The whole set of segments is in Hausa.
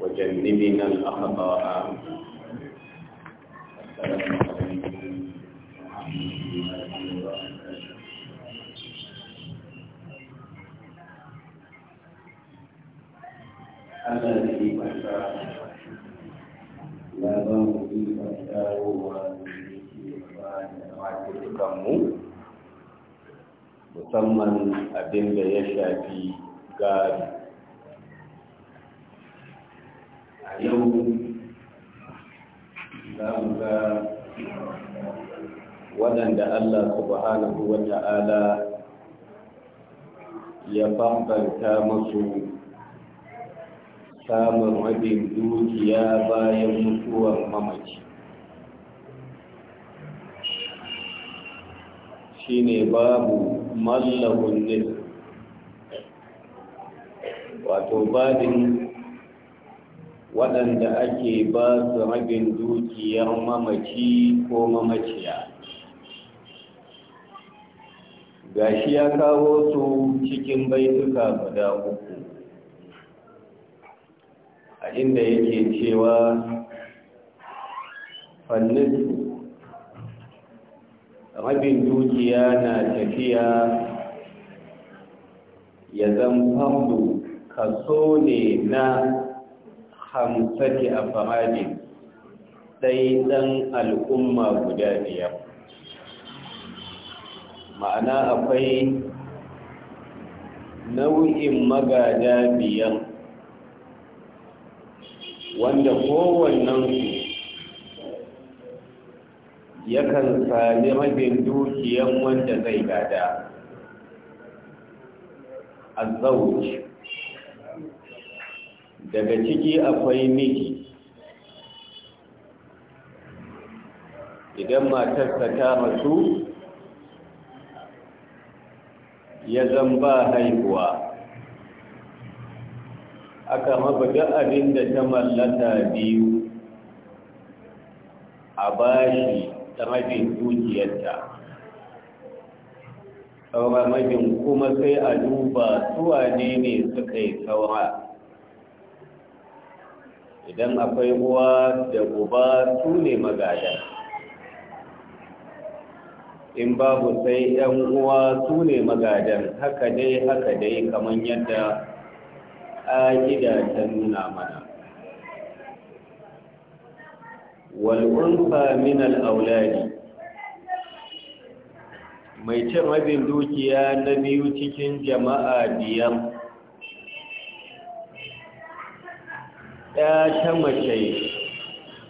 وجنبنا الأخطاء السلام عليكم ورحمة الله وبركاته لا yau za ga waɗanda Allah subhanahu wa ta'ala ya bambanta masu samun rabin dukiya bayan mutuwar mamaci shine babu mallahun wato babin waɗanda ake ba su rabin dukiyar mamaci ko mamaciya gashi ya kawo su cikin baituka guda uku a inda yake cewa fannin rabin dukiya na tafiya ya zan famu kaso ne na hamsati a famadin ɗai ɗan al'umma guda biyar ma'ana akwai nau'in magada biyar wanda kowannensu yakan sami rabin dukiyan wanda zai gada a zauci daga ciki akwai miji idan matarsa ta masu ya zamba haihuwa aka mabaga abin da ta mallata biyu a bashi ta mafin dukiyarta sauran mafin kuma sai a duba suwa ne ne suka yi saura idan akwai uwa da uba su ne magada in babu sai yan uwa su ne magadan haka dai haka dai kamar yadda ƙa'ida ta nuna mana wal'unfa min al'aulari mai cin rabin dukiya na biyu cikin jama'a biyan. ya ta mace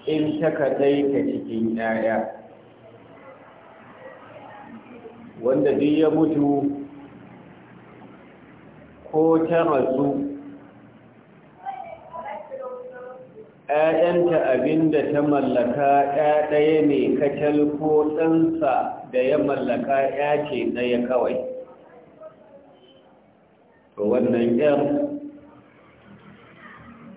in ta ka cikin ‘ya'ya wanda duk ya mutu ko ta rasu ‘ya'yanta abinda ta mallaka ‘ya ɗaya ne kacal ko ɗansa da ya mallaka ‘ya ce ɗaya kawai to wannan ‘yan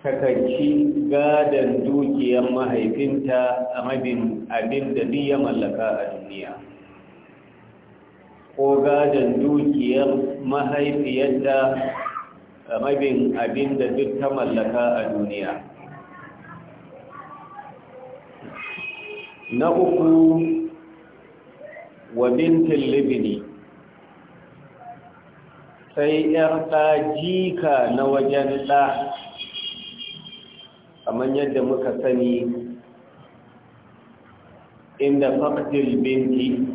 takanci gadon dukiyar mahaifinta a mabin abin da duk ya mallaka a duniya ko gadon dukiyar mahaifiyarta a mabin abin da duk ta mallaka a duniya na uku wa bintin libini sai 'yar ɗa jika na wajen ɗa kamar yadda muka sani inda faktil binti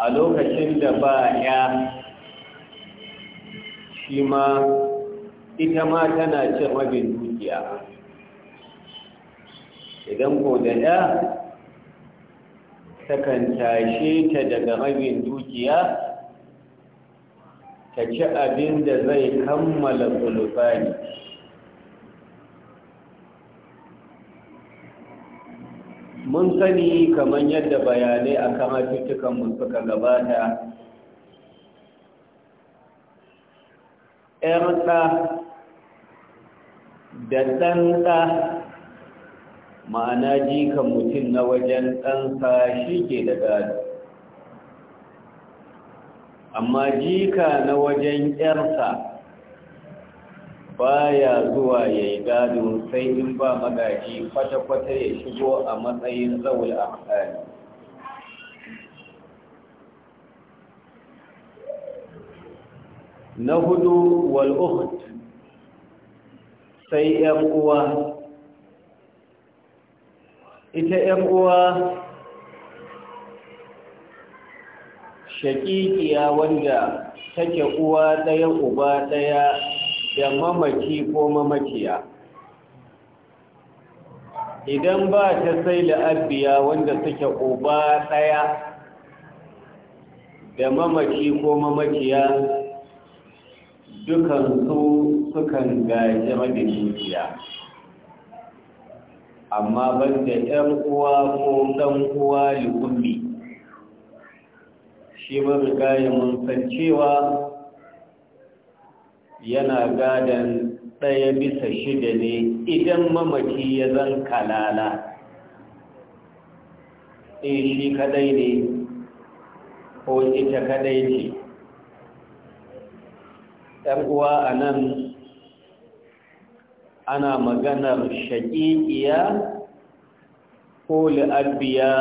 a lokacin da ba ya shi ma ita ma tana cin rabin dukiya idan ko da takan tashe ta daga rabin dukiya ta ci abin da zai kammala kulubani mun sani kamar yadda bayanai a kama cutukanmu suka gabata ɗa da ɗanɗa ma'ana jikan mutum na wajen ɗansa shi ke da gado amma jika na wajen ƴarsa baya zuwa ya yi gado sai in ba magaji kwata-kwata ya shigo a matsayin zaul ahali na hudu wal'ukhd sai ‘yan uwa ita ‘yan uwa shakikiya wanda take uwa ɗaya uba ɗaya da mamaci ko mamaciya idan ba ta sai abbiya wanda suke uba ɗaya da mamaci ko mamaciya dukansu sukan gaji rabin amma ban da ‘yan uwa ko ɗan uwa likumbi shi ba mun san cewa yana gadon ɗaya bisa shida ne idan mamaci ya zan kalala in e, shi kadai ne ko ita kadai ce ɗan uwa a nan ana maganar shaƙiƙiya ko zama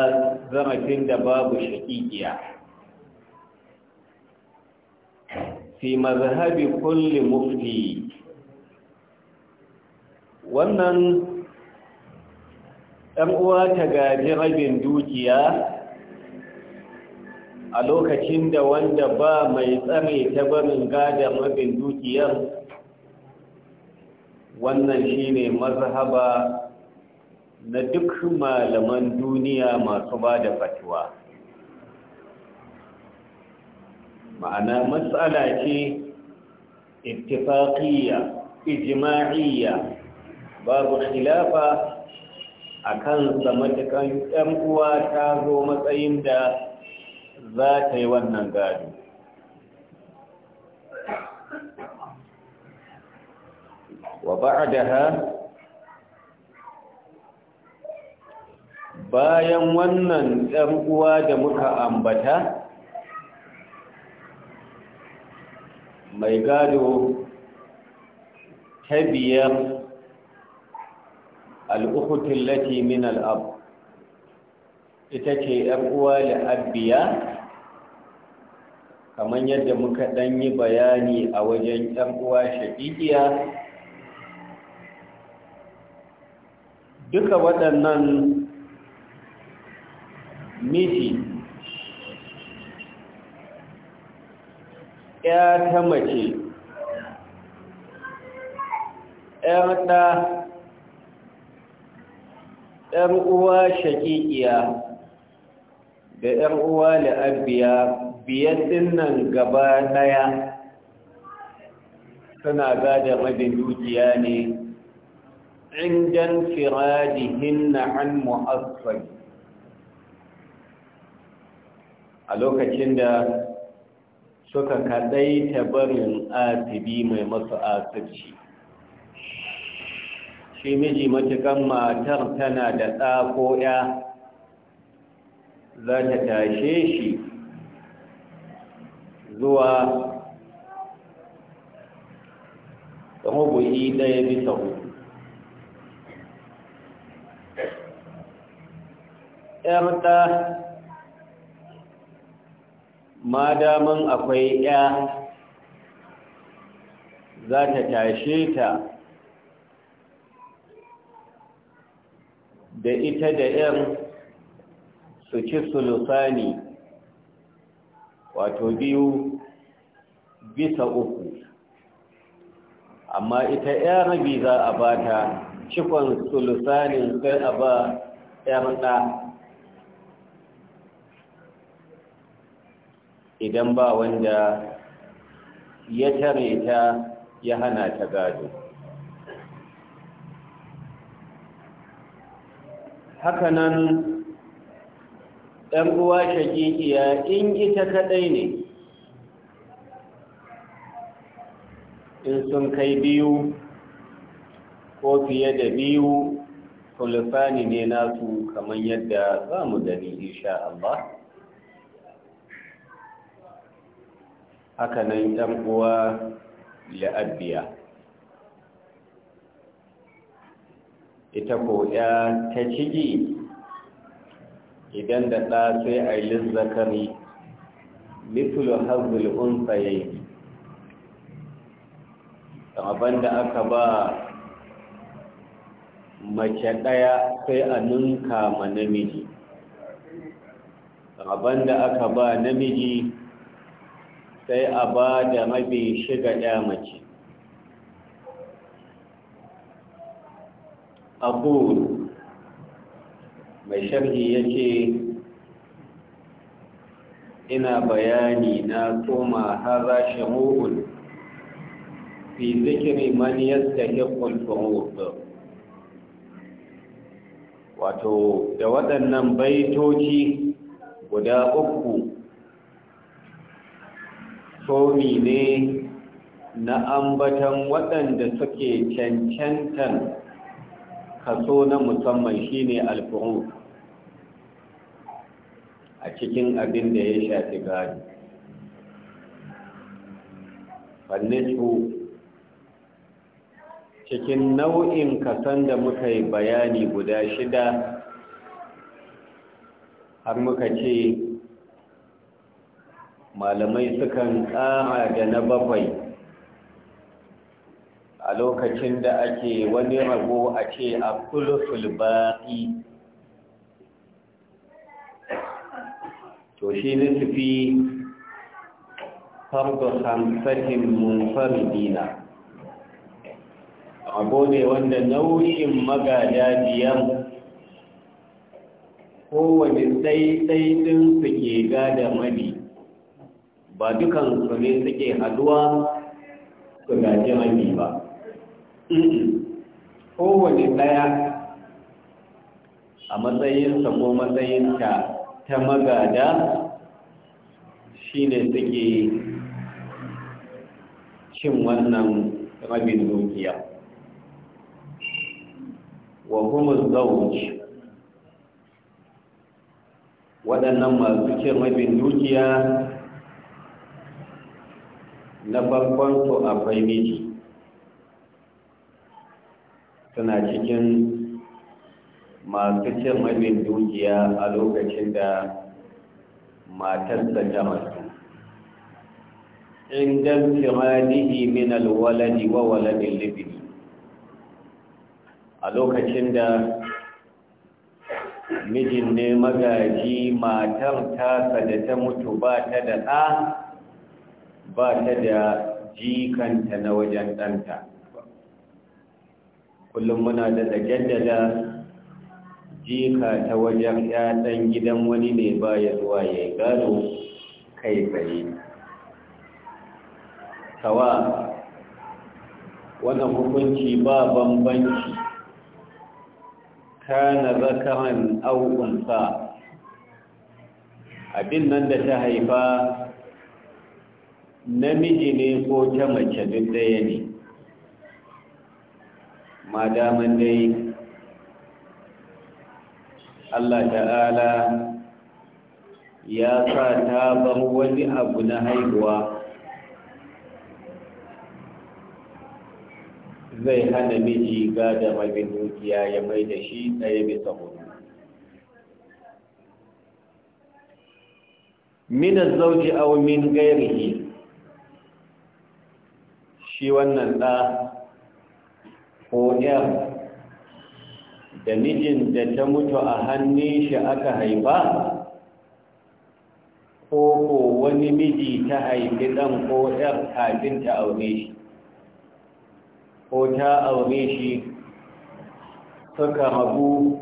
zarafin da babu shaƙiƙiya fi mazhabi kulli mufti wannan ɗan uwa ta gaji rabin dukiya a lokacin da wanda ba mai tsare ta barin gada rabin dukiyar wannan shine mazhaba na duk malaman duniya masu ba da fatuwa ma'ana matsala ce ittifaqiyya ijma'iyya babu khilafa Akan kansa matukan ɗan uwa ta zo matsayin da za ta yi wannan gado wa ba'daha bayan wannan ɗan uwa da muka ambata mai gado ta biyar al'ukutun lati min al'ab ita ce ‘yar'uwa la'abbiya kamar yadda muka ɗan yi bayani a wajen uwa shaƙiƙiya duka waɗannan miji ya ta mace ‘yan ɗa uwa shaƙiƙiya da ‘yan uwa la'abbiya biyan dinnan gaba ɗaya suna gada mabin dukiya ne indan firadihin na an mu'asfali a lokacin da suka ta barin asibi mai masu asirci shi miji matukan matar tana da tsakoya za ta tashe shi zuwa rubu'i ɗaya bisa hudu ‘yar ma daman akwai ya za ta tashe ta da ita da yan su ci sulusani wato biyu bisa uku amma ita ya rabi za a ba ta cikon sulusanin sai a ba 'yan ɗa idan ba wanda ya tare ta ya hana ta gado hakanan ɗan uwa shakikiya in ita kaɗai ne in sun kai biyu ko fiye da biyu kulfani ne nasu kamar yadda za mu gani insha Allah haka nan ‘yan uwa la'abbiya ita ko ya ta ciki. idan da ɗa sai a yi zakari mitulu hazul unsaye abin da aka ba mace ɗaya sai a ninka ma namiji abin da aka ba namiji sai a ba da mabi shiga mace. abu mai sharhi ya ce ina bayani na koma haza shamu'ul fi zikiri man yadda hikul wato da waɗannan baitoci guda uku somi ne na ambatan waɗanda suke cancantan kaso na musamman shine ne a cikin abin da ya shafi gari fannisu cikin nau'in kasan da muka yi bayani guda shida har muka ce malamai sukan tsara da na bakwai a lokacin da ake wani rago a ce a kulful baƙi to shi nufi farko hamsatin dina. rago ne wanda nau'in magada biyar kowane ɗaiɗaiɗinsu ke gada mani ba dukan su ne suke haduwa su gaji hanyi ba kowane ɗaya a matsayinsa ko matsayinta ta magada shi ne suke cin wannan rabin dukiya wa kuma zauci waɗannan masu cin rabin dukiya na farkon to akwai miji suna cikin masu cin dukiya a lokacin da matarsa ta masu inda firadihi min alwaladi wa waladin libini a lokacin da mijin ne magaji matar tasa da ta mutu ba ta da ɗa ba ta da jikanta na wajen ɗanta kullum muna da jaddada jika ta wajen ɗan gidan wani ne ba ya zuwa ya yi gado kai tsaye kawa wannan hukunci ba bambanci kana zakaran au unsa abin nan da ta haifa namiji ne ko ta mace duk ɗaya ne madaman dai Allah ta'ala ya sa ta bar wani abu na haihuwa zai hana miji gada mabin dukiya ya mai da shi ɗaya bisa hudu min zauji aw min gairihi shi wannan ɗa ko ƴar da mijin da ta mutu a hannun shi aka haifa ko ko wani miji ta haifi ɗan ko ƴar kafin ta aure shi ko ta aure shi suka rabu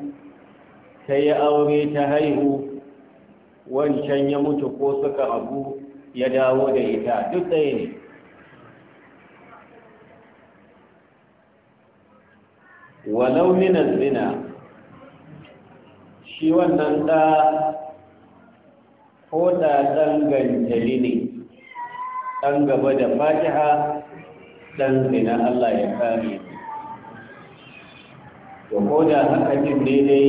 ta yi aure ta haihu wancan ya mutu ko suka rabu ya dawo da ita duk tsaye ne walau minan zina shi wannan da ko da ɗan ne ɗan gaba da fatiha ɗan zina Allah ya kare to ko da haka jin daidai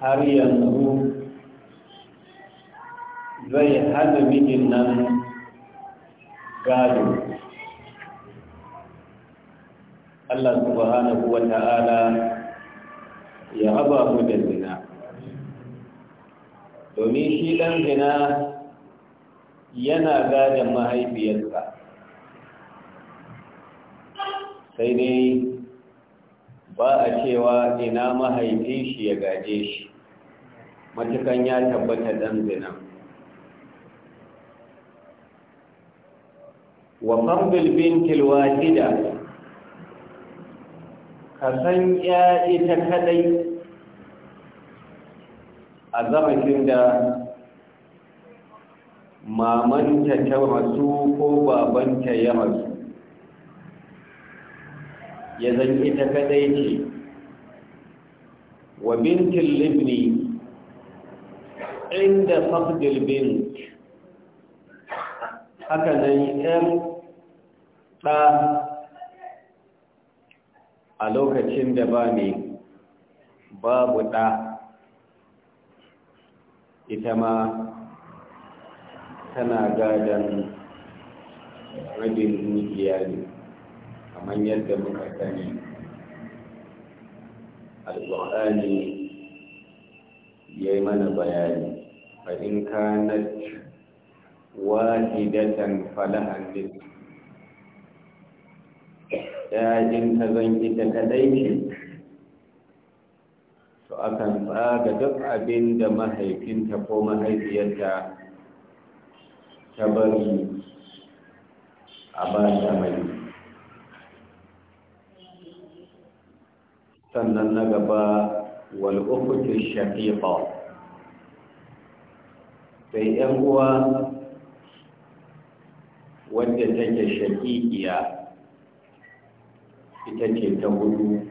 har yanzu zai hana mijin nan gado Allah subhanahu wa ta'ala ya haba mu da zina domin shi ɗan zina yana gadon mahaifiyarsa sai dai ba a cewa ina mahaifin shi ya gaje shi matukan ya tabbata ɗan zina wa fardul Kilwa wahida ka san ya ita kadai a zamanin da mamanta ta masu ko babanta ya masu, ya zan ita kadai ce wa bintin libni inda fafdil bint haka nan yan ɗa a lokacin da ba mai babu ɗa ita ma tana gadon rabin dukiya ne kamar yadda muka sani alƙur'ani ya yi mana bayani fa'in kanar wahidatan falahan nisu ‘ya'yan ka zan ita kaɗai ce to akan tsaga duk abin da mahaifinta ko mahaifiyarta ta bari a ba ta mai sannan na gaba wal'ukutun shafiƙa sai ‘yan uwa wadda take shakikiya ita ce ta hudu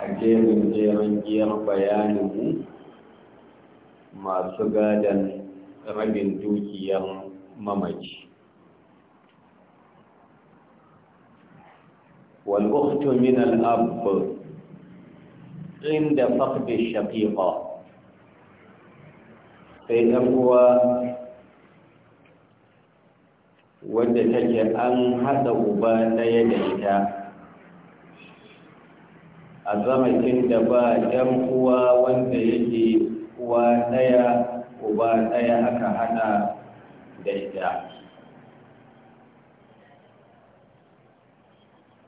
a jerin jerin giyar bayaninmu masu gadon rabin dukiyar mamaci والأخت من الأب عند فقد الشقيقة sai ɗan wadda take an haɗa uba ɗaya da ita a zamakin da ba ɗan uwa wanda yake uwa ɗaya uba ɗaya aka haɗa da ita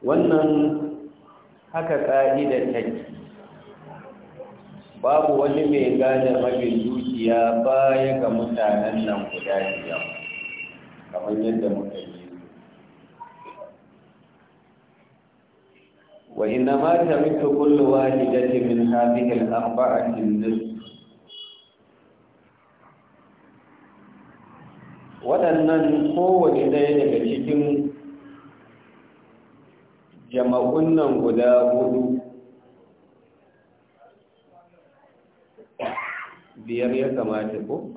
wannan haka ƙa'idar take babu wani mai gane mafi dukiya baya ga mutanen nan guda biyar kamar yadda muka yi wa inna ma ta mutu kullu wahidati min hadhihi a cikin nus Waɗannan kowace daya daga cikin jama'un nan guda hudu biyar ya kamata ko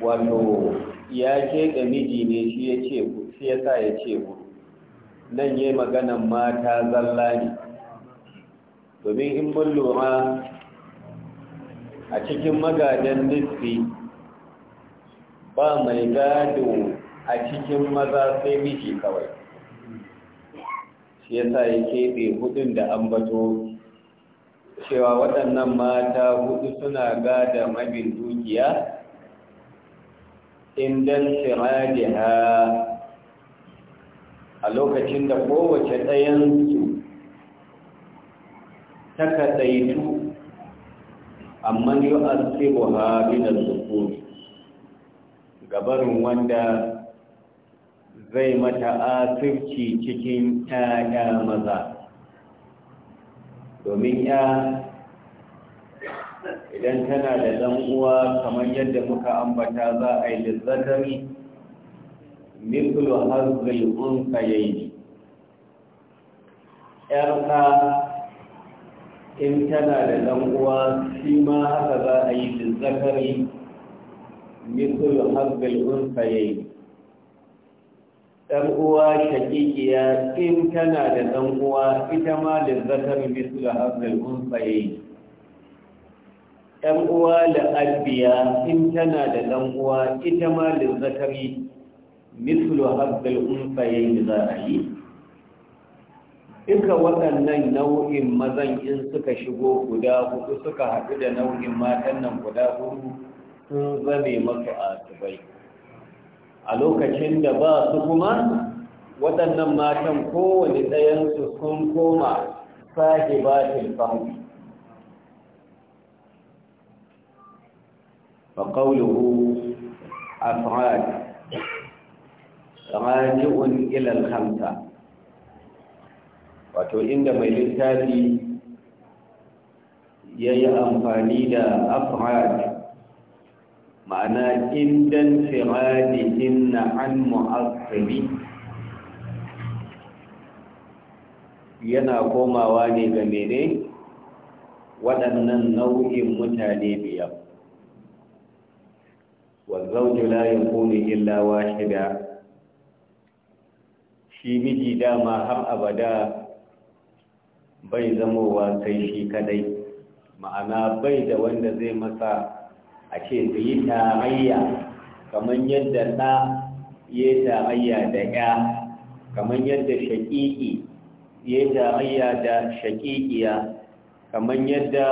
wato ya ke da miji ne shi ya ce shi ya sa ya ce ku nan yi maganan mata zalla ne domin in mun lura a cikin magadan nufi ba mai gado a cikin maza sai miji kawai shi ya sa ya keɓe hudun da an bato. cewa waɗannan mata hudu suna gada mabin dukiya Indan sirajiha a lokacin da kowace ɗayansu ta kaɗaitu amma yi asibu ha binar zukuri gabarin wanda zai mata asirci cikin 'ya'ya maza domin ya idan tana da ɗan uwa kamar yadda muka ambata za a yi lizzatari mithlu hazil unsayaini yarka in tana da ɗan uwa shi ma haka za a yi lizzatari mithlu hazil unsayaini ɗan uwa shakikiya in tana da ɗan uwa ita ma lizzatari mithlu hazil unsayaini ɗan uwa la'abbiya in tana da ɗan uwa ita ma Zakari, mislu haɗar umfayen da za a yi duka waɗannan nau'in mazan in suka shigo guda hudu suka haɗu da nau'in matan nan guda hudu sun zame masu asibai a lokacin da ba su kuma waɗannan matan kowane ɗayansu sun koma sahibatin fahimta فقوله أفراد راجع إلى الخمسة wato inda mai littafi ya yi amfani da afrad ma'ana indan firadihin na an mu'akkali yana komawa ne ga mene waɗannan nau'in mutane biyar والزوج لا يكون إلا واحدا shi miji dama har abada bai zamowa sai shi kadai ma'ana bai da wanda zai masa a ce su yi tarayya kamar yadda ɗa ya tarayya da ya kamar yadda shaƙiƙi ya tarayya da shaƙiƙiya kamar yadda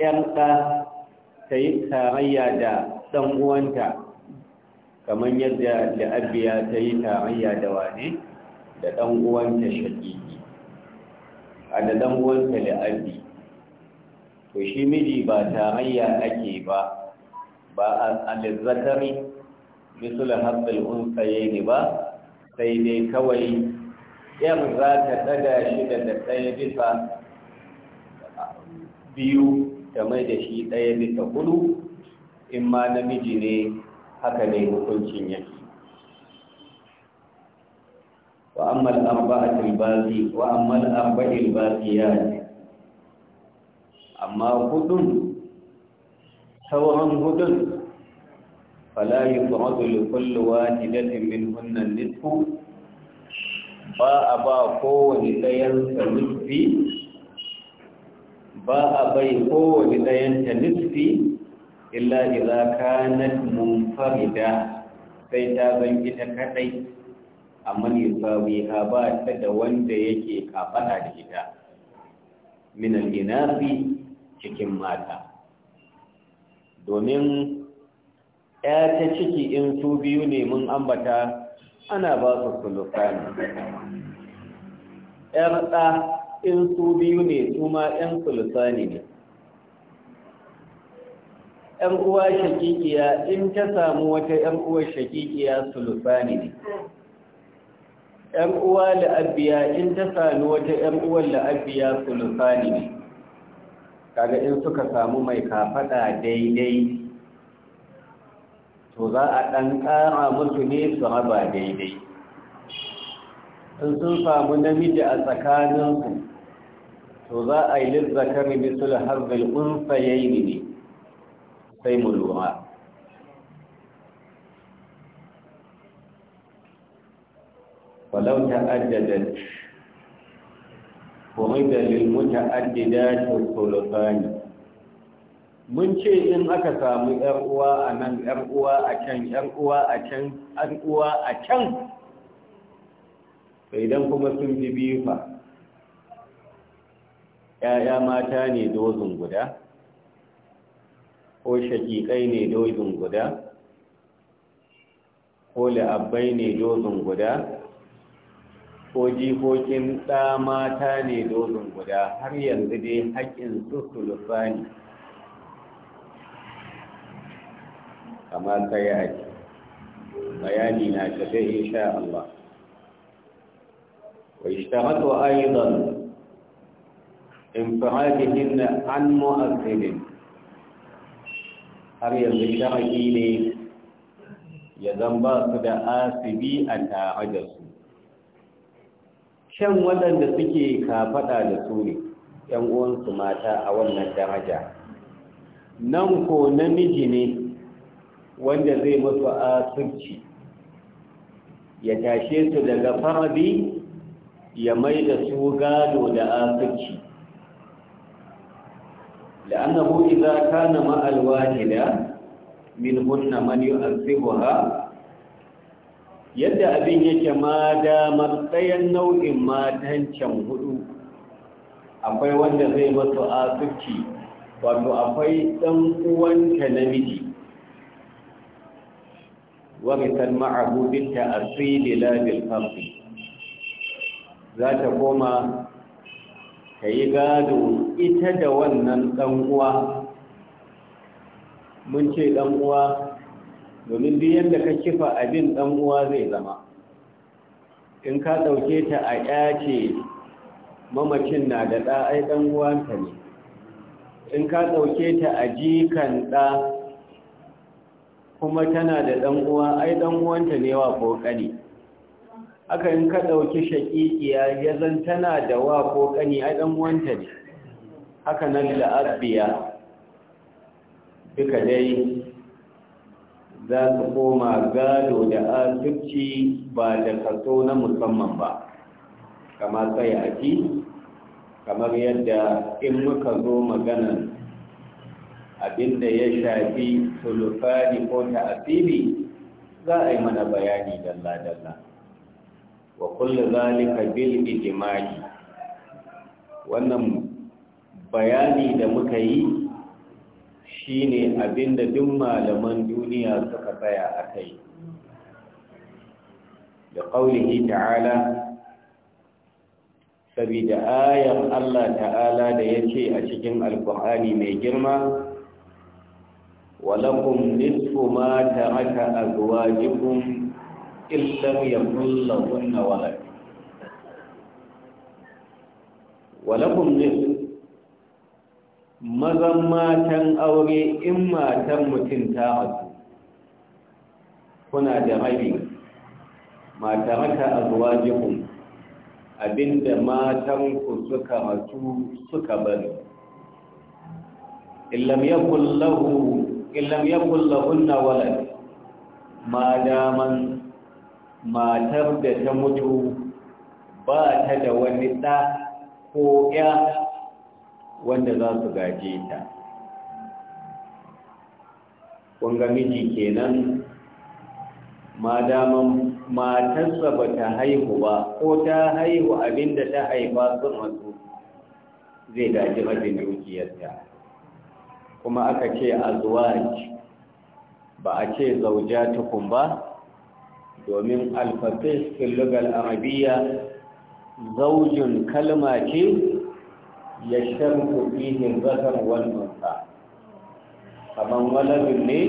‘yan ta yi tarayya da ɗan'uwanta kamar yadda la'abiya ta yi tarayya da wane da ɗan shaƙiƙi a da ɗan uwanta la'abi to shi miji ba tarayya ake ba ba a lizzatari misul haɓɓal unsaye ne ba sai dai kawai yan za ta ɗaga shi da ɗaya bisa biyu ta mai da shi ɗaya bisa hudu in ma namiji ne haka ne hukuncin yake wa ammal arba'atul bazi wa ammal arba'il baziyat amma hudun sauran hudun fala yuqadu li kulli wahidatin minhunna nisfu ba a ba kowane ɗayan sa nisfi ba a bai kowane ɗayan ta nufi illa idza kanat munfarida sai ta zan ita kaɗai a manisa wiha ba ta da wanda yake kafada da ita minan inafi cikin mata domin ya ta ciki in su biyu ne mun ambata ana ba su sulufani ‘yar ɗa in su biyu ne su ma 'yan sulusani ne ‘yan uwa shakikiya in ta samu wata ‘yan uwa shakikiya sulusani ne ‘yan uwa la'abbiya in ta sami wata ‘yan uwan la'abbiya sulusani ne kaga in suka samu mai kafaɗa daidai to za a ɗan ƙara musu ne su raba daidai in sun samu namiji a tsakaninsu to za a yi lizzakari misul harzil unsayaini ne sai mu lura kuma ولو ta ومد للمتعددات ne mun ce in aka samu 'yan uwa a nan 'yan uwa a can 'yan uwa a can ‘yar uwa a can idan kuma sun fi biyu ba ‘ya'ya mata ne dozin guda ko shakikai ne dozin guda ko la'abbai ne dozin guda ko jikokin ɗa mata ne dozin guda har yanzu dai haƙƙin su sulufa ne kamar ta yi bayani na tafi insha Allah wa ishtamatu انفرادهن عن مؤثر har yanzu sharaɗi ne ya zan su da asibi a tare da su shan waɗanda suke kafaɗa da su ne ‘yan uwansu mata a wannan daraja nan ko namiji ne wanda zai musu asirci ya tashe su daga farabi ya mai da su gado da asirci لأنه إذا كان مع الواحدة منهن من يؤذبها yadda abin yake ma da matsayin nau'in matan can hudu akwai wanda zai masu asirci wato akwai ɗan uwanta namiji warisan ma'ahu binta asiri labil farfi za ta koma ta yi gado ita da wannan ɗan'uwa mun ce ɗan'uwa domin duk yadda ka kifa abin ɗan'uwa zai zama in ka ɗauke ta a ƴace mamacin na da ɗa'ai ɗan'uwanta ne in ka ɗauke ta a jikan ɗa kuma tana da ɗan'uwa ai ɗan'uwanta ne wa ƙoƙari haka in ka ɗauki shaƙiƙiya ya zan tana da wa ƙoƙari ai ɗan'uwanta ne haka nan la'abbiya duka dai za su koma gado da asirci ba da kaso na musamman ba kamar sai a ji kamar yadda in muka zo maganan abinda ya shafi sulufani ko asiri za a yi mana bayani dalla-dalla wa kullu zalika bil ijma'i wannan bayani da muka yi shi abin abinda duk malaman duniya suka tsaya a kai da ƙaunihi ta'ala saboda ayar Allah ta'ala da ya ce a cikin alkur'ani mai girma walakun nisfu ma ta a zuwa jikun illar ya kulla walad Walakun nisfu mazan matan aure in matan mutum ta mutu kuna da rabi mata mata a zuwa jikun abinda matanku suka matu suka bari illam yakun na walad ma daman matar da ta mutu ba ta da wani ɗa ko ya wanda za su gaje ta ƙunga miji kenan ma daman matarsa ba ta haihu ba ko ta haihu abinda ta haifa sun wasu zai gaji abin dukiyarta kuma aka ce a zuwa ba a ce zauja tukun ba domin alfafis fil lugal zaujin kalma ce yashtamu fihim zakar wal unsa Kamar waladun ne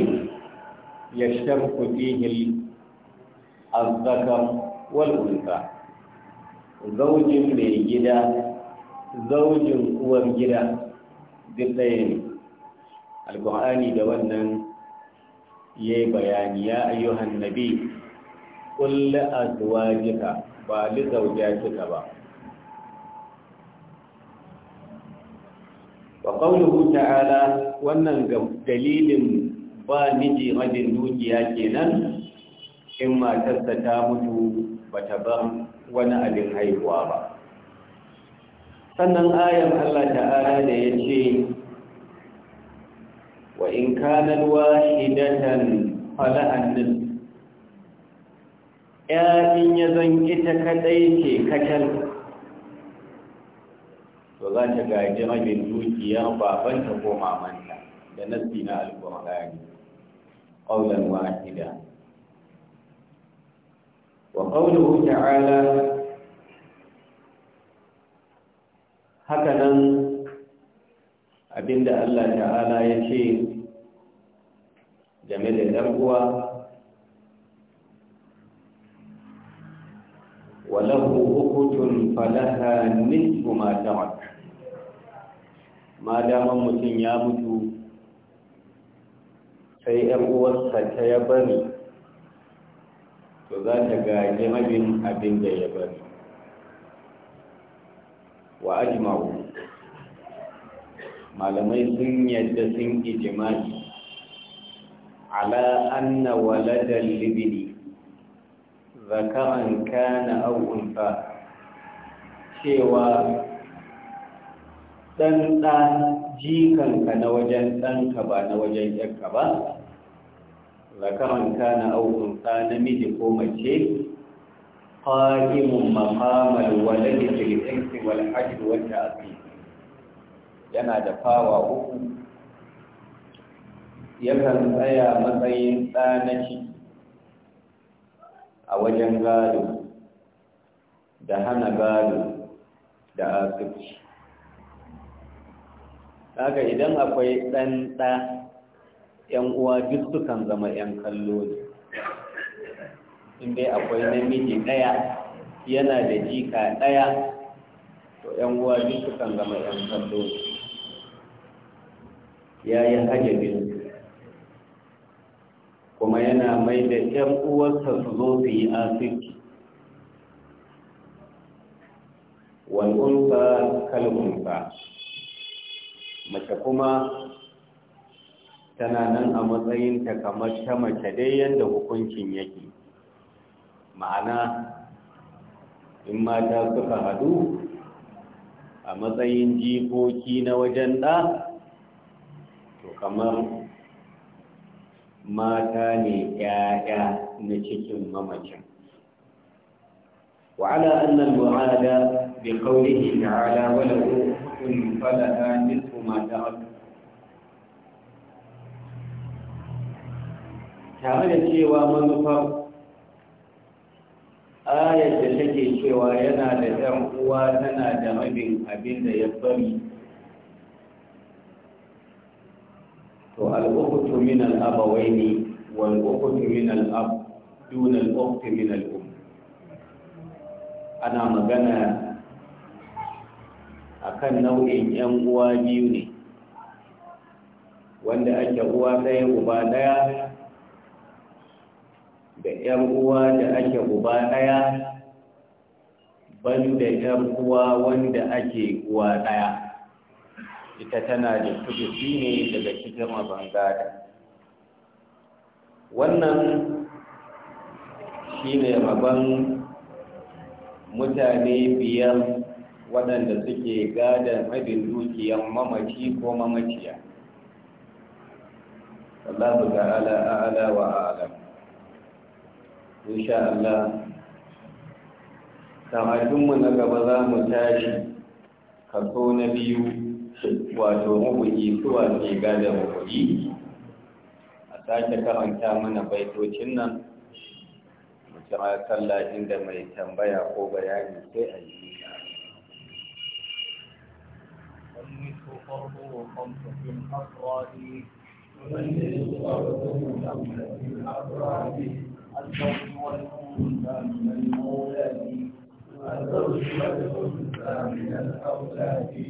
yashtamu fihim azzakar wal unsa zaujin mai gida zaujin uwar gida duk ɗaya ne alƙur'ani da wannan ya yi bayani ya ayyuhan nabi zuwa jika ba li zawjatika ba faƙaunuhu ta'ala wannan ga dalilin ba miji rabin dukiya kenan in matarsa ta mutu ba ta ban wani abin haihuwa ba sannan ayan Allah ta'ala da ya ce wa in kanar wa fala'an nisf ya ya zan ita kadai ce kacal ta gaji rabin dukiya babanta ko mamanta da nasi na alƙur'ani qawlan wahida wa qawluhu ta'ala haka nan abinda Allah ta'ala ya ce game da ɗan uwa وله أخت فلها نصف ما ma daman mutum ya mutu sai ‘yan uwarsa ta ya bari to za ta gaje mabin abin da ya bari wa ajma'u malamai sun yadda sun ijimai ala anna waladal libini zakaran kana au cewa ɗan ɗa jikanka na wajen ɗanka ba na wajen ƴanka ba zakaran kana aukun ɗa namiji ko mace qa'imun maqamal waladi fil irsi wal hajj wal ta'qib yana da fawa uku yakan tsaya matsayin ɗanaci a wajen gado da hana gado da asibiti haka idan akwai ɗan ɗa ‘yan uwa duk sukan zama ‘yan kallo ne inda akwai namiji ɗaya yana da jika ɗaya to ‘yan uwa duk sukan zama ‘yan kallo ne ya yi hajjabin kuma yana mai da ‘yan uwarsa su zo su yi asirki wal'ulfa kalmunsa mace kuma tana nan a matsayinta kamar ta mace dai yadda hukuncin yake ma'ana in mata suka hadu a matsayin jikoki na wajen ɗa to kamar mata ne ‘ya'ya na cikin mamacin وعلى أن المعادة بقوله تعالى وله أخت فلها نصف mata haka tare da cewa manufa ayar da take cewa yana da ɗan uwa tana da mabin abin da ya bari to al'ukutu min al'abawai ne wal'ukutu min al'ab dunan al'ukutu min al'um ana magana akan nau'in yan uwa biyu ne wanda ake uwa ɗaya uba ɗaya da yan uwa da ake uba ɗaya ban da yan uwa wanda ake uwa ɗaya ita tana da kudusi ne daga cikin mabangada wannan shi ne rabon mutane biyar waɗanda suke gadon abin dukiyar mamaci ko mamaciya wallahu ta'ala a'ala wa a'lam insha Allah kamatunmu na gaba za mu tashi kaso na biyu wato mabuki suwa ke gada mabuki a sake karanta mana baitocin nan Mutum a kalla inda mai tambaya ko bayani sai a yi الفرد خمسة أفراد يميز الفرد خمسة أفراد الزوج والأنثى من المولد الزوج والأنثى من الأولاد